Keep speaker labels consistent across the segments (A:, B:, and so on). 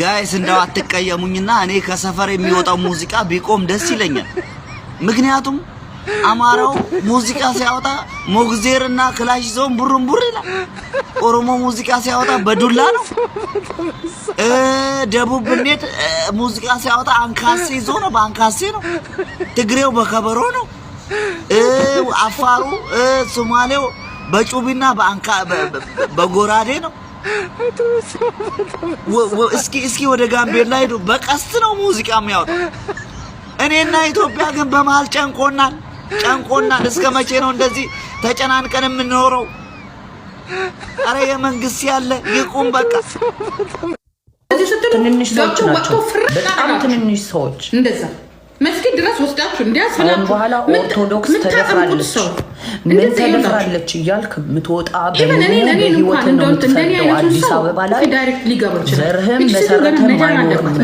A: ጋይስ እንደው አትቀየሙኝና እኔ ከሰፈር የሚወጣው ሙዚቃ ቢቆም ደስ ይለኛል። ምክንያቱም አማራው ሙዚቃ ሲያወጣ ሞግዜርና ክላሽ ይዘውን ቡር ይላል። ኦሮሞ ሙዚቃ ሲያወጣ በዱላ ነው። ደቡብ ብሜት ሙዚቃ ሲያወጣ አንካሴ ይዞ ነው፣ በአንካሴ ነው። ትግሬው በከበሮ ነው። አፋሩ፣ ሶማሌው በጩቢና በጎራዴ ነው። እስኪ እስኪ ወደ ጋምቤላ ሄዱ። በቀስት ነው ሙዚቃ የሚያወጡ። እኔና ኢትዮጵያ ግን በመሀል ጨንቆናል ጨንቆናል። እስከ መቼ ነው እንደዚህ ተጨናንቀን የምንኖረው? አረ የመንግስት ያለ ይቁም በቃ።
B: ትንንሽ ሰዎች ናቸው፣ በጣም ትንንሽ ሰዎች እንደዛ መስጊድ ድረስ ወስዳችሁ እንዲያስፈላችሁ
C: በኋላ ኦርቶዶክስ ተደፍራለች፣ ምን ተደፍራለች እያልክ ምትወጣ በህይወት ነው የምትፈርደው። አዲስ አበባ ላይ ዘርህም መሰረትም አይኖርም።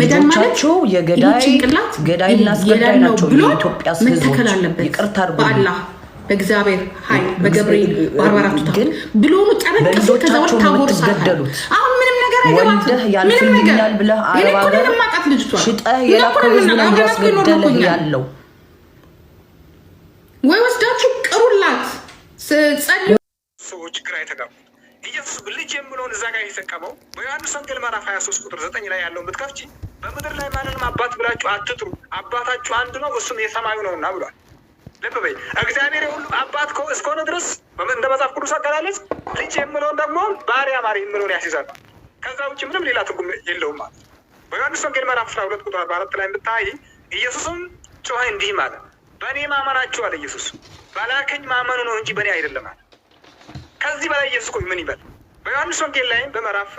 C: ልጆቻቸው የገዳይ ገዳይና አስገዳይ ናቸው። የኢትዮጵያ ህዝቦች ይቅርታ አድርጉልኝ። በእግዚአብሔር ሀይል በገብርኤል ባርባራቱ ብሎኑ ጨረቀሱ ከዛ ወር ታቦርሳል። ነገር ወደህ ያልፍልኛል ብለህ አረብ ሀገር ያለው። ወይ ወስዳችሁ ቅሩላት ሰዎች ግራ የተጋቡ ኢየሱስ ልጅ የምለውን እዛ ጋር የተጠቀመው በዮሐንስ ወንጌል ምዕራፍ 23 ቁጥር 9 ላይ ያለውን ብትከፍቺ በምድር ላይ ማንንም አባት ብላችሁ አትጥሩ፣ አባታችሁ አንድ ነው፣ እሱም የሰማዩ ነውና ብሏል። ልብ በይ። እግዚአብሔር የሁሉ አባት እስከሆነ ድረስ እንደ መጽሐፍ ቅዱስ አገላለጽ ልጅ የምለውን ደግሞ ባሪያ ማሪ የምለውን ያስይዛል። ከዛ ውጭ ምንም ሌላ ትርጉም የለውም ማለት ነው። በዮሐንስ ወንጌል ምዕራፍ አስራ ሁለት ቁጥር አርባ አራት ላይ ብታይ ኢየሱስም ጮኸ እንዲህ ማለ በእኔ ማመናችሁ አለ ኢየሱስ ባላከኝ ማመኑ ነው እንጂ በእኔ አይደለም አለ። ከዚህ በላይ ኢየሱስ ቆይ ምን ይበል? በዮሐንስ ወንጌል ላይ በምዕራፍ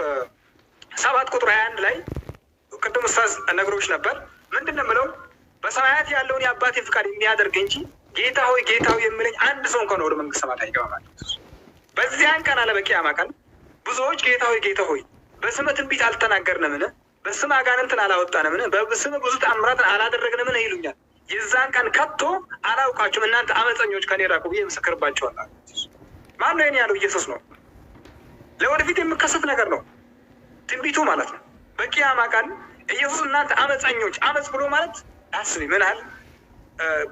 C: ሰባት ቁጥር ሀያ አንድ ላይ ቅድም ስታዝ ነግሮች ነበር። ምንድን ነው የምለው በሰማያት ያለውን የአባቴ ፍቃድ የሚያደርግ እንጂ ጌታ ሆይ ጌታ ሆይ የምለኝ አንድ ሰው እንኳን ወደ መንግስት ሰማት አይገባም አለ። በዚያን ቀን አለ በቂያማ ቀን ብዙዎች ጌታ ሆይ ጌታ ሆይ በስመ ትንቢት አልተናገርንምን? በስመ አጋንንትን አላወጣንምን? በስመ ብዙ ተአምራትን አላደረግንምን? ይሉኛል። የዛን ቀን ከቶ አላውቃችሁም እናንተ አመፀኞች ከኔ ራቁ ብዬ ምስክርባቸዋል። ማን ነው ያለው? ኢየሱስ ነው። ለወደፊት የሚከሰት ነገር ነው ትንቢቱ ማለት ነው። በቅያማ ቀን ኢየሱስ እናንተ አመፀኞች፣ አመፅ ብሎ ማለት አስቢ፣ ምን ያህል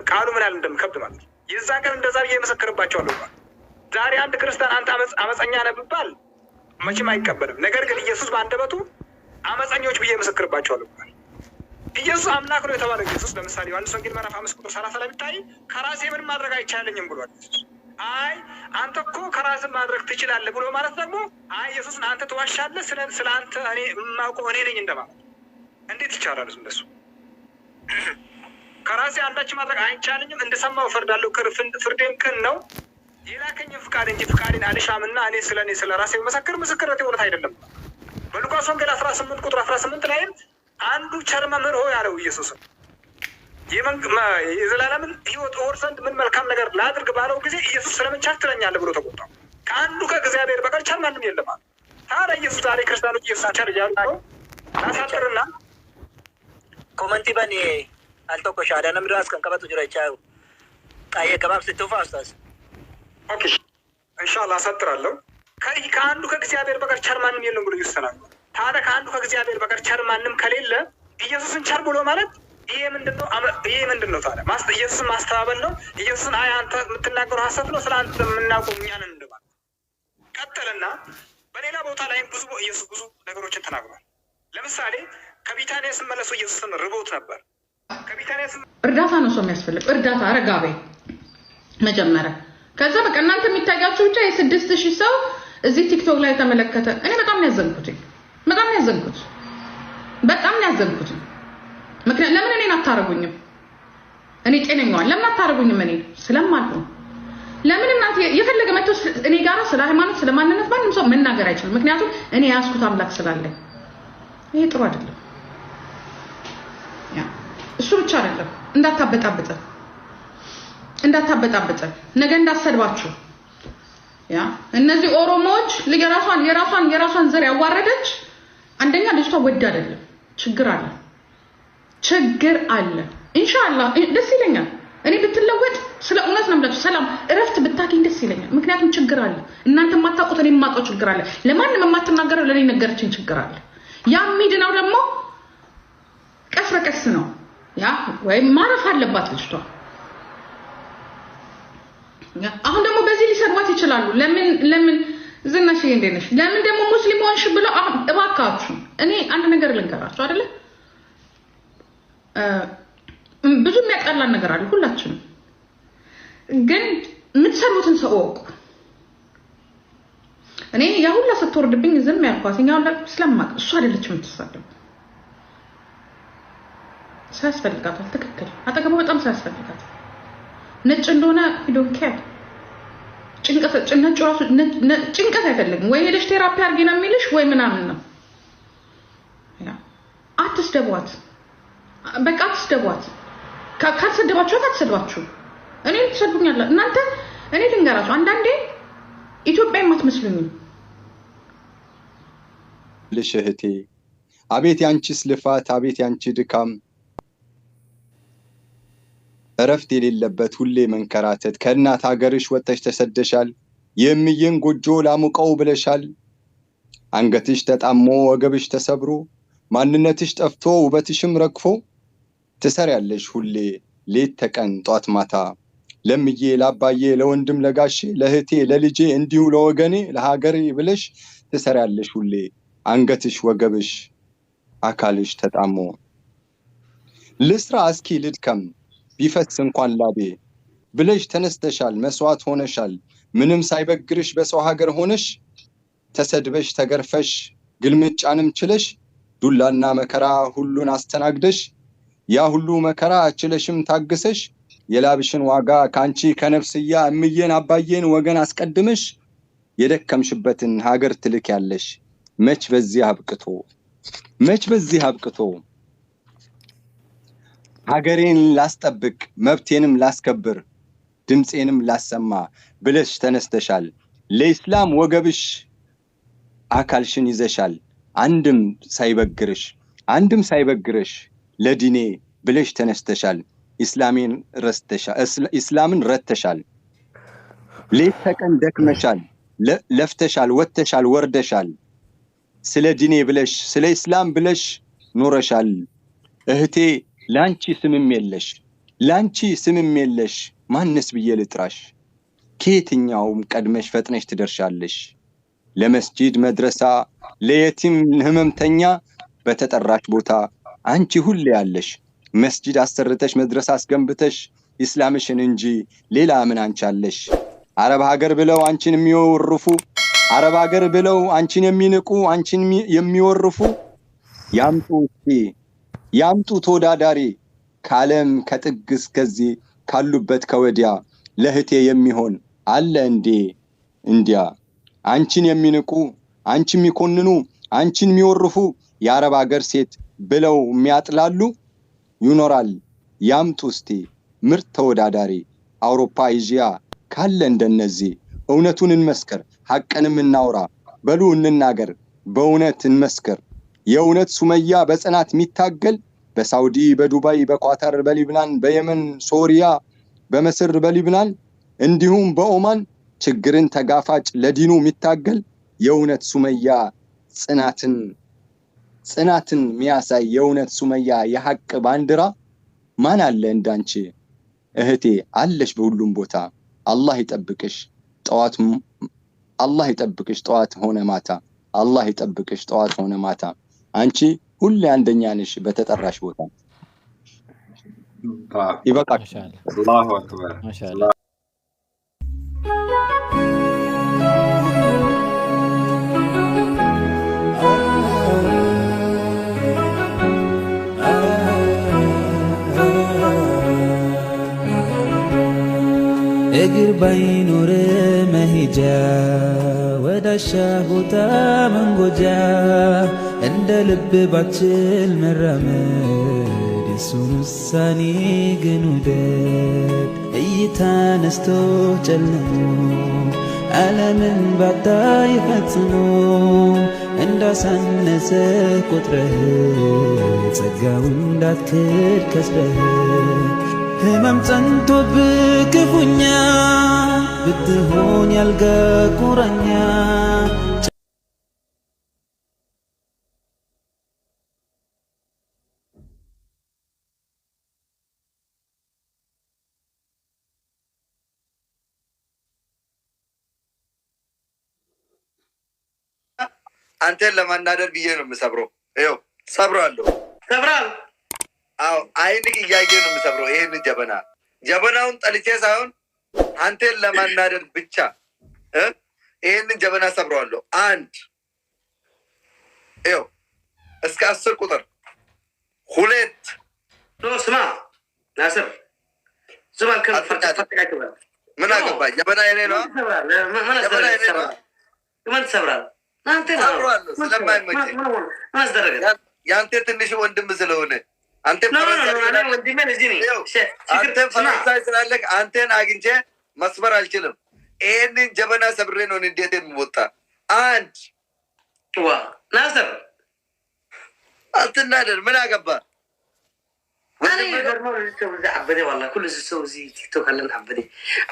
C: ቃሉ ምን ያህል እንደምከብድ ማለት ነው። የዛን ቀን እንደዛ ብዬ ምስክርባቸዋለሁ። ዛሬ አንድ ክርስቲያን አንተ አመፀኛ ነህ ብባል መቼም አይቀበልም። ነገር ግን ኢየሱስ በአንደበቱ አመፀኞች ብዬ ምስክርባቸዋለሁ ብሏል። ኢየሱስ አምላክ ነው የተባለው ኢየሱስ ለምሳሌ ዮሐንስ ወንጌል ምዕራፍ አምስት ቁጥር ሰላሳ ላይ ብታይ ከራሴ ምን ማድረግ አይቻለኝም ብሏል። አይ አንተ እኮ ከራስን ማድረግ ትችላለህ ብሎ ማለት ደግሞ አይ ኢየሱስን አንተ ትዋሻለህ፣ ስለ አንተ እኔ የማውቀው እኔ ነኝ እንደማለት። እንዴት ይቻላል? እንደሱ ከራሴ አንዳች ማድረግ አይቻለኝም፣ እንደሰማው እፈርዳለሁ፣ ፍርዴም ቅን ነው የላከኝን ፍቃድ እንጂ ፍቃድን አልሻምና እኔ ስለ እኔ ስለ ራሴ መሰክር ምስክርነት የሆነት አይደለም። በሉቃስ ወንጌል አስራ ስምንት ቁጥር አስራ ስምንት ላይም አንዱ ቸር መምህር ሆይ አለው ኢየሱስ የዘላለምን ህይወት እወር ዘንድ ምን መልካም ነገር ላድርግ ባለው ጊዜ ኢየሱስ ስለምን ቸር ትለኛለህ ብሎ ተቆጣ። ከአንዱ ከእግዚአብሔር በቀር ቸር ማንም የለም አለ። ታዲያ ኢየሱስ ዛሬ ክርስቲያኖች ኢየሱስ ቸር እያሉ ነው። አሳጥርና ኮመንቲ በን አልተኮሻ አዳነምድ አስከንቀበጡ ጅራቻ ቃየ ከባብ ስትውፋ አስታስ እንሻላ አሳጥራለሁ። ከአንዱ ከእግዚአብሔር በቀር ቸር ማንም የለም ብሎ ይወሰናል። ታዲያ ከአንዱ ከእግዚአብሔር በቀር ቸር ማንም ከሌለ ኢየሱስን ቸር ብሎ ማለት ይሄ ምንድን ነው? ይሄ ምንድን ነው ታዲያ? ኢየሱስን ማስተባበል ነው። ኢየሱስን አይ አንተ የምትናገሩ ሀሰት ነው፣ ስለ አንተ የምናውቁ እኛን እንደማለት ቀጠለና፣ በሌላ ቦታ ላይም ብዙ ኢየሱስ ብዙ ነገሮችን ተናግሯል። ለምሳሌ ከቢታንያ ስመለሱ ኢየሱስን ርቦት ነበር። ከቢታንያ እርዳታ ነው ሰው የሚያስፈልግ እርዳታ ረጋቤ መጀመሪያ ከዛ በቃ እናንተ የሚታያቸው ብቻ የስድስት ሺህ ሰው እዚህ ቲክቶክ ላይ የተመለከተ እኔ በጣም ያዘንኩት በጣም ያዘንኩት በጣም ያዘንኩት ምክንያት ለምን እኔን አታረጉኝም? እኔ ጤነኛዋን ለምን አታረጉኝም? እኔ ስለማልሆ ለምን እናት የፈለገ መቶ እኔ ጋር ስለ ሃይማኖት ስለ ማንነት ማንም ሰው መናገር አይችልም። ምክንያቱም እኔ ያስኩት አምላክ ስላለኝ ይሄ ጥሩ አይደለም። እሱ ብቻ አይደለም እንዳታበጣበጠ? እንዳታበጣበጠ ነገ እንዳሰድባችሁ ያ እነዚህ ኦሮሞዎች የራሷን የራሷን የራሷን ዘር ያዋረደች አንደኛ ልጅቷ ወድ አይደለም ችግር አለ ችግር አለ ኢንሻአላህ ደስ ይለኛል እኔ ብትለወጥ ስለ እውነት ነው ብላችሁ ሰላም እረፍት ብታገኝ ደስ ይለኛል ምክንያቱም ችግር አለ እናንተ የማታውቁት እኔ የማውቀው ችግር አለ ለማንም የማትናገረው ለእኔ ነገረችን ችግር አለ ያ የሚድነው ደግሞ ቀስ በቀስ ነው ያ ወይም ማረፍ አለባት ልጅቷ አሁን ደግሞ በዚህ ሊሰድቧት ይችላሉ። ለምን ለምን ዝናሽ እንዴት ነሽ? ለምን ደግሞ ሙስሊም ሆንሽ ብለው እባካችሁ፣ እኔ አንድ ነገር ልንገራችሁ አይደለ? ብዙ የሚያጣላን ነገር አለ ሁላችንም፣ ግን የምትሰሩትን ሰው ወቁ። እኔ ያሁላ ስትወርድብኝ ዝም ያልኳት ሁላ ስለማቅ እሱ አይደለች የምትሳደቡ ሰው ትክክል አጠገቡ በጣም ሰው ነጭ እንደሆነ ዶንት ጭንቀት አይፈልግም። ወይ ሄደሽ ቴራፒ አርጌ ነው የሚልሽ ወይ ምናምን ነው። አትስደቧት፣ በቃ አትስደቧት። ካልሰደባችኋት አትሰድባችሁ። እኔ ትሰዱኛለ እናንተ። እኔ ልንገራችሁ፣ አንዳንዴ ኢትዮጵያ የማትመስሉኝም ልሽ እህቴ። አቤት ያንቺስ ልፋት፣ አቤት ያንቺ ድካም እረፍት የሌለበት ሁሌ መንከራተት፣ ከእናት ሀገርሽ ወጥተሽ ተሰደሻል፣ የእምዬን ጎጆ ላሙቀው ብለሻል። አንገትሽ ተጣሞ ወገብሽ ተሰብሮ ማንነትሽ ጠፍቶ ውበትሽም ረግፎ ትሰሪያለሽ ሁሌ ሌት ተቀን ጧት ማታ ለምዬ ለአባዬ ለወንድም ለጋሼ ለእህቴ ለልጄ እንዲሁ ለወገኔ ለሀገሬ ብለሽ ትሰሪያለሽ ሁሌ አንገትሽ ወገብሽ አካልሽ ተጣሞ ልስራ እስኪ ልድከም ቢፈስ እንኳን ላቤ ብለሽ ተነስተሻል፣ መስዋዕት ሆነሻል። ምንም ሳይበግርሽ በሰው ሀገር ሆነሽ ተሰድበሽ ተገርፈሽ ግልምጫንም ችለሽ ዱላና መከራ ሁሉን አስተናግደሽ ያ ሁሉ መከራ ችለሽም ታግሰሽ የላብሽን ዋጋ ከአንቺ ከነፍስያ እምዬን አባዬን ወገን አስቀድመሽ የደከምሽበትን ሀገር ትልክ ያለሽ መች በዚህ አብቅቶ መች በዚህ አብቅቶ ሀገሬን ላስጠብቅ መብቴንም ላስከብር ድምፄንም ላሰማ ብለሽ ተነስተሻል። ለኢስላም ወገብሽ አካልሽን ይዘሻል። አንድም ሳይበግርሽ አንድም ሳይበግርሽ ለዲኔ ብለሽ ተነስተሻል። ኢስላምን ረተሻል። ሌት ተቀን ደክመሻል፣ ለፍተሻል፣ ወተሻል ወርደሻል። ስለ ዲኔ ብለሽ ስለ ኢስላም ብለሽ ኖረሻል እህቴ ለአንቺ ስምም የለሽ ለአንቺ ስምም የለሽ ማንስ ብዬ ልጥራሽ? ከየትኛውም ቀድመሽ ፈጥነሽ ትደርሻለሽ። ለመስጂድ መድረሳ፣ ለየቲም ህመምተኛ በተጠራሽ ቦታ አንቺ ሁሌ ያለሽ። መስጂድ አሰርተሽ መድረሳ አስገንብተሽ ኢስላምሽን እንጂ ሌላ ምን አንቻለሽ አረብ ሀገር ብለው አንቺን የሚወርፉ አረብ ሀገር ብለው አንቺን የሚንቁ አንቺን የሚወርፉ ያምጡ እስኪ ያምጡ ተወዳዳሪ ከዓለም ከጥግ እስከዚህ ካሉበት ከወዲያ ለህቴ የሚሆን አለ እንዴ እንዲያ አንቺን የሚንቁ አንቺ የሚኮንኑ አንቺን የሚወርፉ የአረብ አገር ሴት ብለው የሚያጥላሉ ይኖራል። ያምጡ እስቲ ምርት ተወዳዳሪ አውሮፓ፣ ኤዥያ ካለ እንደነዚህ። እውነቱን እንመስክር፣ ሐቅንም እናውራ። በሉ እንናገር፣ በእውነት እንመስክር። የእውነት ሱመያ በጽናት የሚታገል በሳውዲ፣ በዱባይ፣ በኳታር፣ በሊብናን፣ በየመን፣ ሶሪያ፣ በመስር፣ በሊብናን እንዲሁም በኦማን ችግርን ተጋፋጭ ለዲኑ የሚታገል የእውነት ሱመያ ጽናትን ጽናትን የሚያሳይ የእውነት ሱመያ የሐቅ ባንዲራ ማን አለ እንዳንቺ እህቴ አለሽ በሁሉም ቦታ። አላህ ይጠብቅሽ ጠዋት አላህ ይጠብቅሽ ጠዋት ሆነ ማታ። አላህ ይጠብቅሽ ጠዋት ሆነ ማታ። አንቺ ሁሌ አንደኛ ነሽ በተጠራሽ ቦታ። ይበቃል። እግር ባይኖር መሄጃ ወዳሻ ቦታ መንጎጃ እንደ ልብ ባችል መራመድ የሱን ውሳኔ ግን ውደድ እይታ ነስቶ ጨልሞ ዓለምን ባታ ይፈጽሞ እንዳሳነሰ ቁጥረህ ጸጋው እንዳትክድ ከስረህ ህመም ጸንቶ ክፉኛ ብትሆን ያልጋ አንተን ለማናደር ብዬ ነው የምሰብረው። ይኸው ሰብረዋለሁ። ሰብራል። አዎ አይን እያየ ነው የምሰብረው። ይህን ጀበና ጀበናውን ጠልቼ ሳይሆን አንተን ለማናደር ብቻ ይህንን ጀበና ሰብረዋለሁ። አንድ ይኸው እስከ አስር ቁጥር ሁለት ስማ ናስር ምን አገባ ጀበና የኔ ነው። ምን ሰብራል የአንተ ትንሽ ወንድም ስለሆነ አንተን ፈረንሳይ ስላለህ አንተን አግኝቼ መስበር አልችልም። ይሄንን ጀበና ሰብሬ ነው እንዴት የሚወጣ አንድ ናሰር አትናደር። ምን አገባ አበደ ዋላ ኩሉ ሰው ቲክቶክ አለን አበደ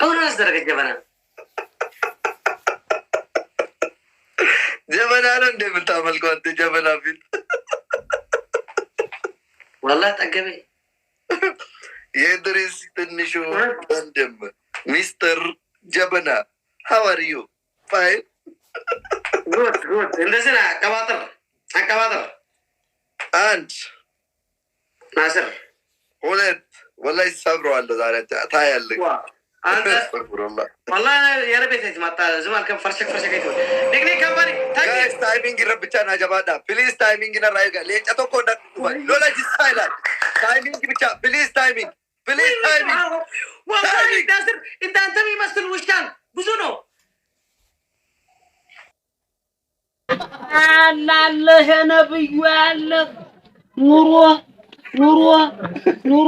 C: አሁን አስደረገ ጀበና ጀበና ነው እንደ የምታመልከው አንተ ጀበና ፊት ወላ ጠገቤ የድሬስ ትንሹ ወንድም ሚስተር ጀበና ሀዋርዩ ፋይል ጉድ ጉድ። እንደዚህ ነህ። አቀባጥር አቀባጥር። አንድ ናስር ሁለት ወላይ ሰብረዋለሁ ዛሬ ታያለህ። ታይሚንግ irra bichaan haa jabaadhaa piliis taayimingin irraa eegaa leenca tokko hin dhaqnu lola jissaa ilaal taayiming bicha piliis taayiming piliis taayiming እንዳንተ የሚመስል ውሻን ብዙ ነው አላለህ ነብዩ ያለህ ኑሮ ኑሮ ኑሮ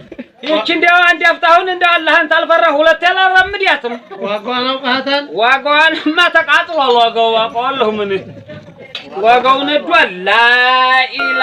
C: ይቺ እንዲያው አንድ አፍታሁን እንደ አላህን ታልፈራ ሁለት ያላራምድያትም። ዋጋዋን አውቃታል። ዋጋዋንማ ተቃጥሏል። ዋጋው አውቀዋለሁ። ምን ዋጋው ነዷል። ላኢላ